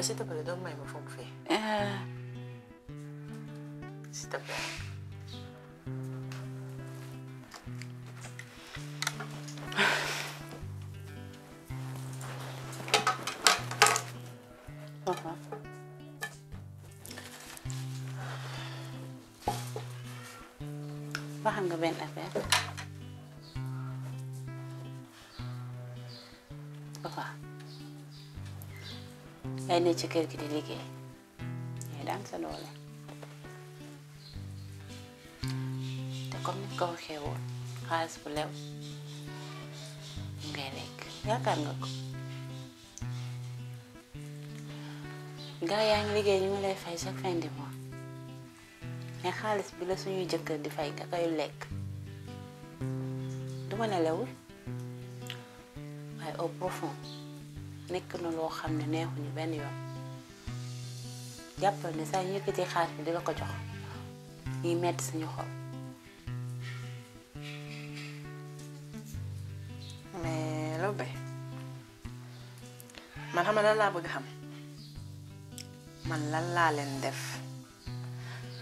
Vabbè, se te per do mai më fun fi. Si të për. Ba hanga ben e ngay ne ci kër gi di liggéey ngay daan sa doole te comme ni ko waxee xaalis bu lew ngay lekk yaakaar nga ko gaa yaa ngi liggéey ñu ngi lay fay chaque fin de mois xaalis bi la suñuy jëkkër di fay nga koy lekk duma ne lewul waaye au profond nekk na loo xam ne neexuñu benn yoon jàppal ne saa ñu yëkkatee xaalis bi di la ko jox ñuy metti suñu xol mais be man xam lan laa bëgg xam man lan laa leen def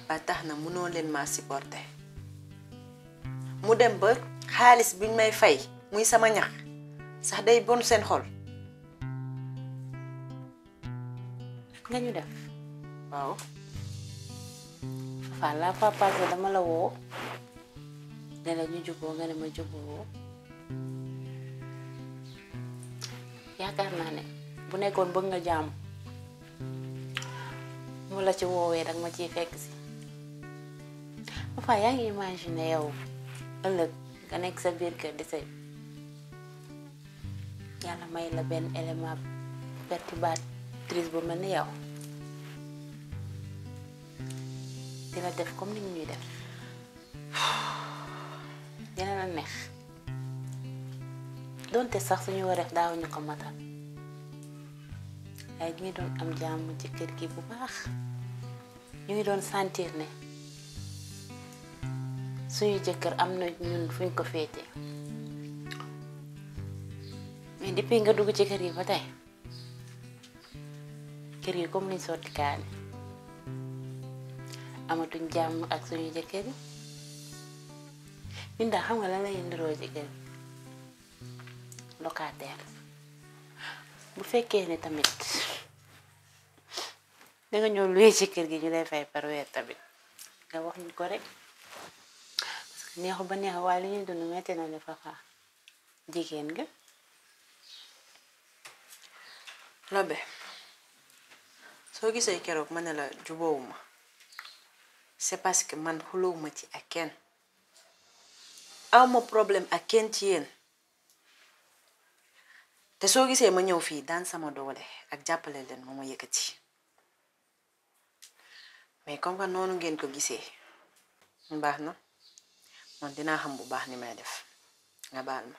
ba tax na mënoo leen maa supporté mu dem ba xaalis biñ may fay muy sama ñax sax day bon seen xol nggak nyuda, mau? fala papa ko dama la woo ne la ñu juboo nga ne ma juboo yaakaar naa ne bu nekkoon bëgg nga jam. mu la ci woowee dag ma ciy fekk si papa yaa imagine yow sa may la actrice bu mel ni yow dina def comme ni ñuy def dina la neex donte sax suñu wareef daawuñu ko matal waaye ñu doon am jàmm ci kër gi bu baax ñu ngi doon sentir ne suñu jëkkër am na ñun fuñ ko féete mais depuis nga dugg ci kër gi ba tey. kër yi comme luñ sotti kaani amatuñ jàmm ak suñu jëkkër yi ñun daal xam nga lan lay ñuy ndiroo jëkkër locataire bu fekkee ne tamit da nga ñëw luye ci kër gi ñu lay fay par weer ya tamit nga wax ñu ko rek parce que neexu ba neexu waaye li ñuy dund metti na ne fafa jigéen nga lobe soo gisee keroog ma ne la ma c'est parce que man xulóowuma ci ak kenn awma problème ak kenn ci yéen te soo gisee ma ñëw fii daan sama doole ak jàppale leen moo ma yëkkati mais comme noonu ngeen ko gisee baax na moom dinaa xam bu baax ni may def nga baal ma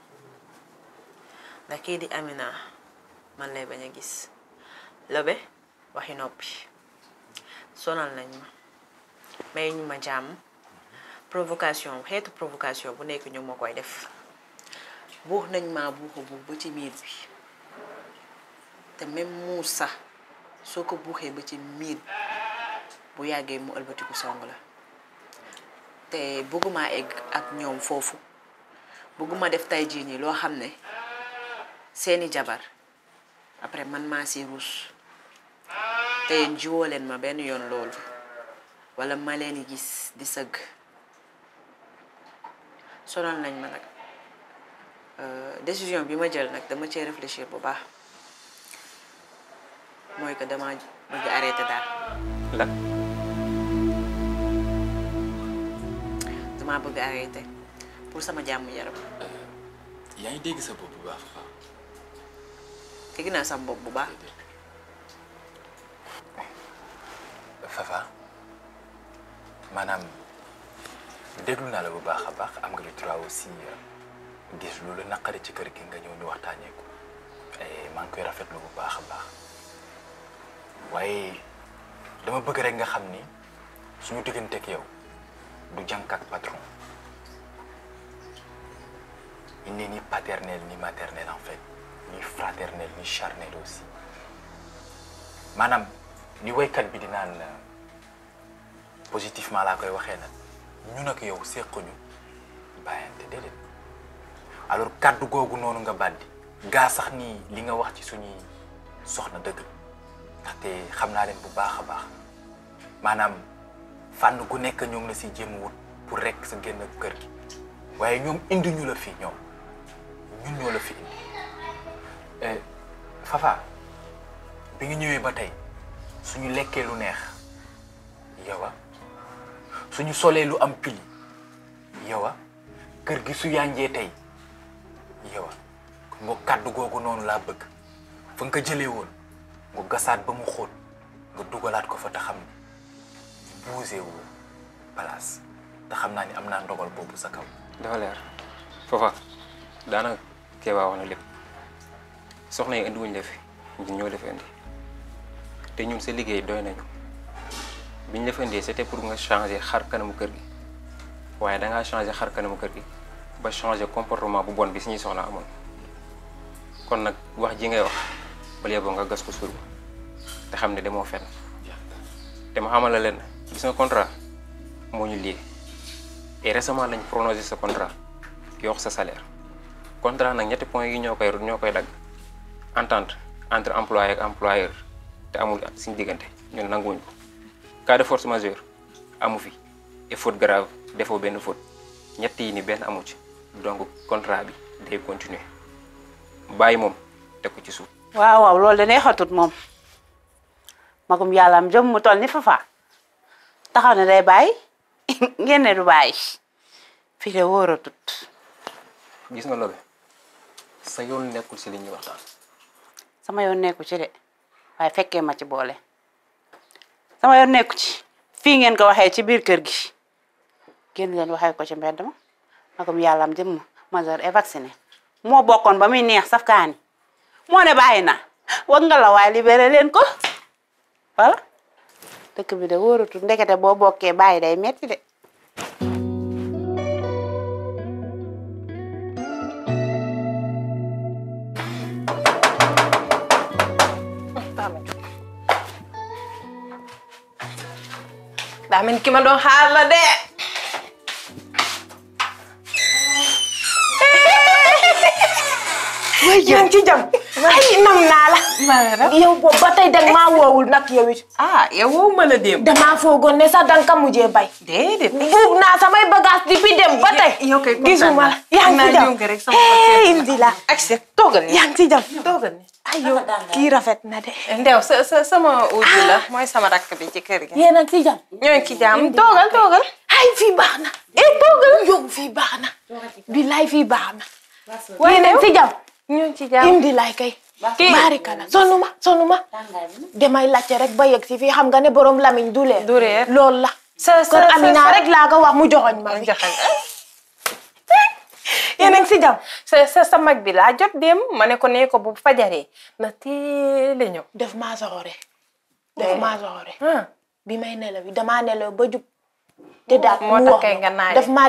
ndax kii di Amina man lay bañ a gis lobe waxi noppi sonal nañ ma may ñu ma jàmm provocation xeetu provocation bu nekk ñu ma koy def buux nañ ma buuxa buux ba ci miir bi te même muus sax soo ko buuxee ba ci miir bu yàggee mu ëlbatiku song la te bëgguma egg ak ñoom foofu bëgguma def tay jii nii loo xam ne seni jabar après man ma si ruus te jiwoo ma ben yon lol wala maleni gis di seug sonal nañ ma euh décision bima ma jël nak dama ci réfléchir bu baax moy que dama bëgg arrêté daal lan dama bëgg arrêté pour sama jamm yaram euh, yaay dégg sa bop bu baax Kaya ginasambog mo ba? Fafa? Manam, déglu na la bu baax baax am nga lu droit aussi gis loolu naqari ci kër gi nga ñëw ñu waxtaanee ko maa ngi koy rafetlu bu baax baax waaye dama bëgg rek nga xam ni suñu digganteeg yow du jànk ak patron il ni paternel ni maternel en fait ni fraternel ni charnel aussi manam, ni kat bi di nan eh, positivement la koy waxe nak ñun ak yow séquñu bayante déedéet alors kaddu googu nonu nga bàddi ga sax ni li nga wax ci suñuy soxna deug ndaxte xam xamna len bu baaxa a baax manam fànn gu nek ñom la ci jëm wut pour rek sa génn kër gi waye ñom indi ñu la fi ñom ñun ñoo la fi indi Eh, Fafa bi nga ñëwee ba tey suñu lekkee lu neex yow a suñu solee lu am pili yow a kër gi su yànjee tey yow a nga kàddu googu noonu laa bëgg fa nga ko jëlee woon nga gasaat ba mu xóot nga dugalaat ko fa te xam buuse woo place te naa ni am naa ndogal boobu sa kaw. dafa leer daanaka Kéba na lépp. soxna yi indi wuñ la fi ñun ñoo la fi te ñun sa liggéey doy nañu biñ la fi indee c'était pour nga changer xar kanamu kër gi waaye danga ngaa changer xar kanamu kër gi ba changer comportement bu bon bi si suñuy soxna amoon kon nag wax ji ngay wax bala yeboo nga gas ko suul te xam ne damoo fenn te ma xamal leen gis nga contrat moo ñu lié et récemment lañ prolongé sa contrat yokk sa salaire contrat nag ñetti points yi ñoo koy ñoo koy dagg. entente entre employé ak employeur te amul suñu diggante ñun nanguwuñ ko force majeure amu fi et faute grave defoo benn faute ñett benn amu ci donc contrat bi day continuer bàyyi moom teg ko ci suuf. waw waaw loolu danay xatut moom magum yàlla am jëm mu toll ni Fafa taxaw ne day ngeen ne du bàyyi fii de wóoratut. gis nga loolu sa yoon nekkul si li ñuy waxtaan. sama yon nekku ci de waaye ma ci bolé sama yon nekku ci fii ngeen ko waxee ci bir kër gi genn len waxee ko ci mbedd ma magum yàllaam jëmm majeur et vacciné mo bokkon ba neex safkani kaani moo ne bàyyi na nga la way libéré len ko wala dëkk bi de woratu ndekete bo bokkee bay day metti de men ki man ɗon haala Yang yanki jam ay nam naala yow bo batai dang ma wowul nak yowit iya, ah yow iya, wow mala dem dama fogon nesa sa dang kam mujje bay dede buub na ibu gas di fi dem batay yow kay gisuma yanki jam hey indila accès ya. togal ya. yanki jam togal ayo kii rafet na de. ndew sa sa sama wuutu la mooy sama rakk bi ci kër gi. yéen a ngi ci jàmm. ñoo ngi ci jàmm toogal toogal. ay fii baax na. eh toogal yow fii baax na. bilaay fii baax na. waaye nag ci jàmm. ñoo ngi ci jàmm indi laay kay. kii barikala sonuma sonuma. demay laajte rek ba yegg si fii xam nga ne borom lamiñ du leer. du leer loolu la. sa sa sa kon Amina rek laa ko wax mu joxoñ ma fi. yéen si jàmm sa sa mag bi laa jot dem ma nekko ko nee ko bu fajaree na teel ñëw. def maa soxore. Hmm. def maa soxore. Hmm. bi may nelaw ba jub. te daal hmm. mu wax moo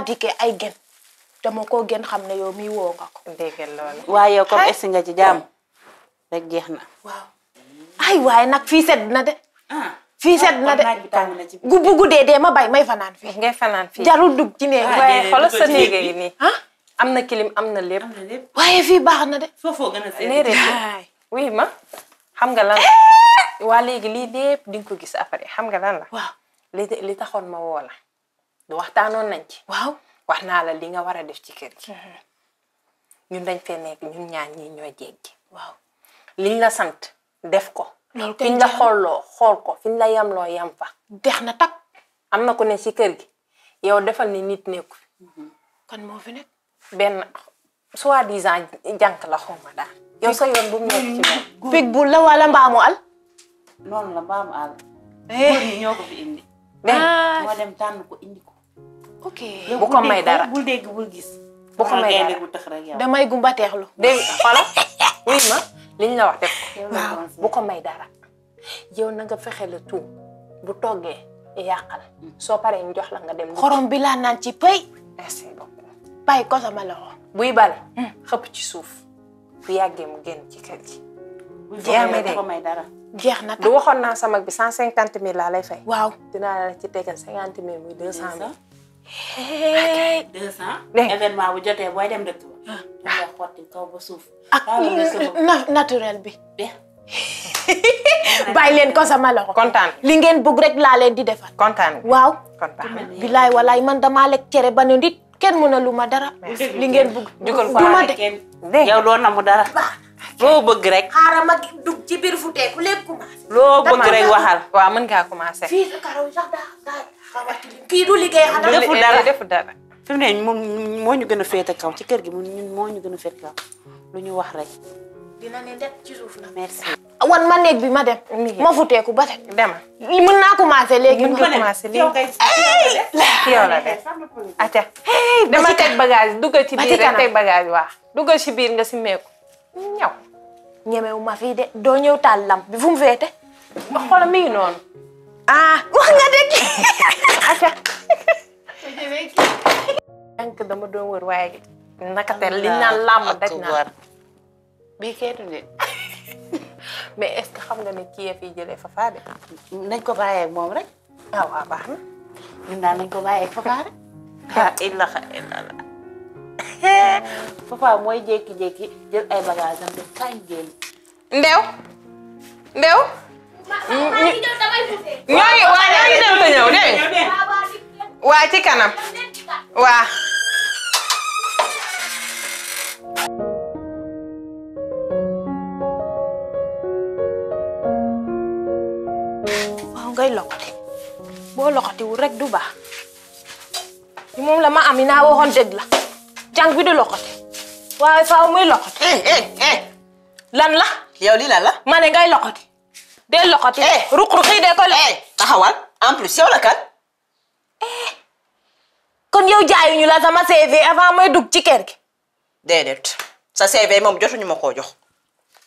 ay gen. dama ko gën xam ne yow mi woo nga ko. waaye yow comme est nga ci jàmm rek jeex na. waaw ay waaye nag fii sedd na de. Ah. fii na de ah, gu bu guddee dee ma bay may fanaan fii. ngay fanaan fii waaye xoolal sa néeg nii. Ah? أنا كلم أنا لب أنا في بعنا أنا فو فو أنا سيد نيري أنا وي ما أنا قالنا والي أنا ديب دينكو أنا أفري أنا قالنا أنا لي أنا تخون أنا ولا أنا واحد أنا ننجي أنا واحنا أنا لينا أنا دفتي أنا dañ أنا nek أنا ñaan أنا ñoo أنا waaw أنا la أنا def ko fiñ la xollo xol ko fiñ la yamlo yam fa dex na tak amna ko ne ci kër gi yow defal ni nit nekku kan mo fi nek benn soi-disant jànk la xaw daal. yow sa yoon bu mu nekk ci moom. pig bu la eh. ko ah. may dara gis. bu ko may dara damay gumba teexlu. dégg ko. may dara. yow na nga fexe la tuut bu toggee yàqal mm. soo paree ñu jox la nga dem. xorom bi laa naan ci pay. Eh, bàyyi ko ma loxo buy bal hmm. xëpp ci suuf bu yàggee mu génn ci kër gi jeex may dara jeex na du waxoon naa sama bi cinquante mille laa lay fay waaw dinaa la ci tegal cinquante mille muy deux cent mille deux bu jotee booy dem dëkk ba ah. nga suuf ak naturel bi leen ko sama loxo kontaan li ngeen bëgg rek laa leen di defal kontaan waaw bilaay walaay man damaa lekk cere ba ne nit kenn mënaluma dara. li ngeen bëgg. jugal faale kenn yow doo namu dara. loo bëgg rek. xaaral ma dug ci biir futeeku lépp commencé. loo bëgg rek waxal. waaw mën ngaa commencé. fii sa karaw sax daa daa kii du liggéey xanaa. defu dara defu mu ne moom moo ñu gën a féete kaw ci kër gi moom moo ñu gën a féete kaw lu ñu wax rek. wan ma néeg bi ma dem. ma futeeku ba dem. dama mën naa commencé léegi. mën naa commencé léegi yow la de. atiwa dama teg bagage dugg ci biir rek teg bagage waaw. dugg ci biir nga si meeku ñaw. ñemewu ma fii de doo ñëw taal lamp bi fu mu féete. ba xoolal mi ngi noonu. ah wax nga dëgg. atiwa. donc dama doon wër waaye. naka teel li ñu naan lamb daj naa. bii keetu nit. mais est-ce que xam nga ne kii fi jëlee Fafa de. nañ ko bàyyeeg moom rek. ah waaw baax na. ñun daal nañ ko bàyyeeg Fafa rek. ah illa xa illa la. Fafa mooy jékki-jékki jël ay bagages ndew. ndew. ñooy waa ñooy dem te ñëw dégg nga. waa ci kanam. waa. koy loxati boo loxatiwul rek du baax li moom la ma am naa waxoon jàng bi du loxati waaye faaw muy loxati. Eh, eh, eh. lan la. yow lii lan la. ma ne ngay loxati. dee loxati. ruq-ruq yi dee ko loxati. taxawal en plus yow la kan. kon yow jaayuñu la sama CV avant may dugg ci kër gi. déedéet sa CV moom jotuñu ma koo jox.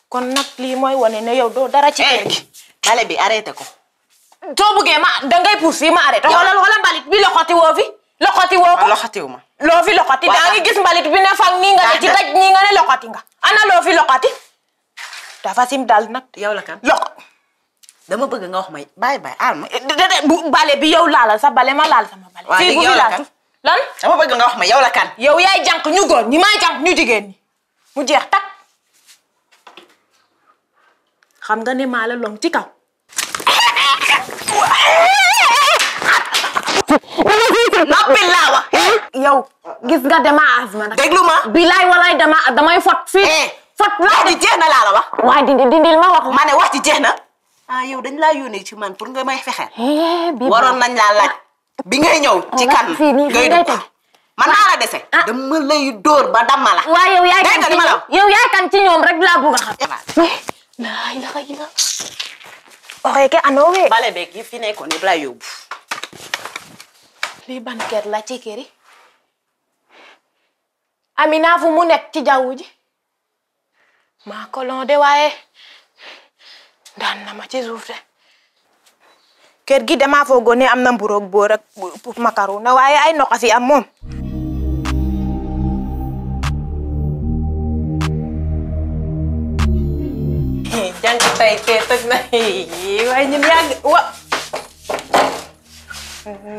kon nag lii mooy wane ne yow doo dara ci gi. bale bi arrêté ko. soo buggee ma dangay pousse yi ma arrêté. xoolal xoolal mbalit bi loxoti woo fi. loxoti woo ko ah, loxoti wu ma. loo fi loxoti daa ngi gis mbalit bi ne fang nii nga ne ci daj nii nga ne loxoti nga. ana loo fi loxoti. dafa sim daal nag. yow la kan loxo. dama bëgg nga wax may bàyyi bàyyi aar ma. bu bale bi yow laalal sa bale ma laal sama bale. fii bu fi laatu lan. dama bëgg nga wax ma yow la kan. yow yaay jànq ñu góor ñi maa jànq ñu jigéen ñi mu jeex tak xam nga ne maa la long ci kaw ci noppi laa wax eh? Eh? yow gis nga dama asma nag déglu ma bilaay dama damay fot fii eh. fot laa di jeex na laa la wax waaye dindi dindil ma wax ma ne wax ci jeex na ah yow dañ laa yónnee ci man pour nga may fexeel waroon nañ laa laaj bi ngay ñëw ci kan ngay dugg man naa dese ah. dama lay ba damma waaye yaay kan ci ñoom yow yaay kan ci ñoom rek laa bëgg a xam laa ilaha illa oxeke anowe bale beeg yi fi nekkoon yëpp laa yóbbu li ban ker la ci keri Amina fu mu nek ci jawuji ma ko lon de waye dan na ma ci suuf ker gi dama fo goné amna mburo ak boor ak puuf na waye ay noqasi am moom jàng tay kee toj na waaye ñun yàgg wa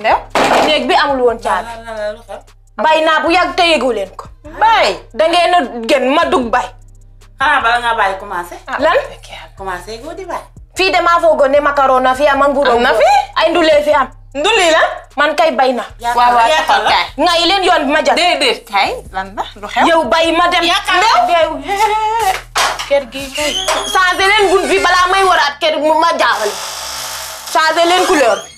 ndew néeg bi amul woon caabi ah, ah, ah, bay naa bu yàgg te yëgu ko. bay da ngeen a ma dug bay. xanaa bala lan commencé goo di fii damaa foogoon ne macarona fi am nguro. na fi ay ndulee fi am. man kay bay na. waaw yoon bi ma jàpp. déedéet bay ma dem. yaakaar kër gi kay. may waraat kër ma jaaxal. changé couleur